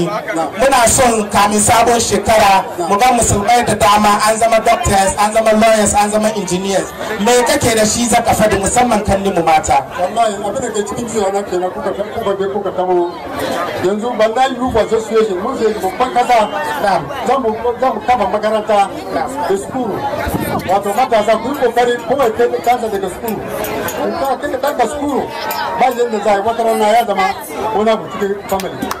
mu muna son kamin sabon shekara mu ga musulmai da dama an zama doctors an zama lawyers an zama engineers me kake da shi zaka faɗi musamman kan mu mata wallahi abin da ke cikin jiya na kenan kuka kuka je kuka tamo yanzu wallahi youth association mun sai babban kasa za mu za mu kafa makaranta da school wato matasa ku yi kokari kuma kai kansa daga school in ka kai kanka school ba yadda za a yi wata rana ya zama wani abu cikin family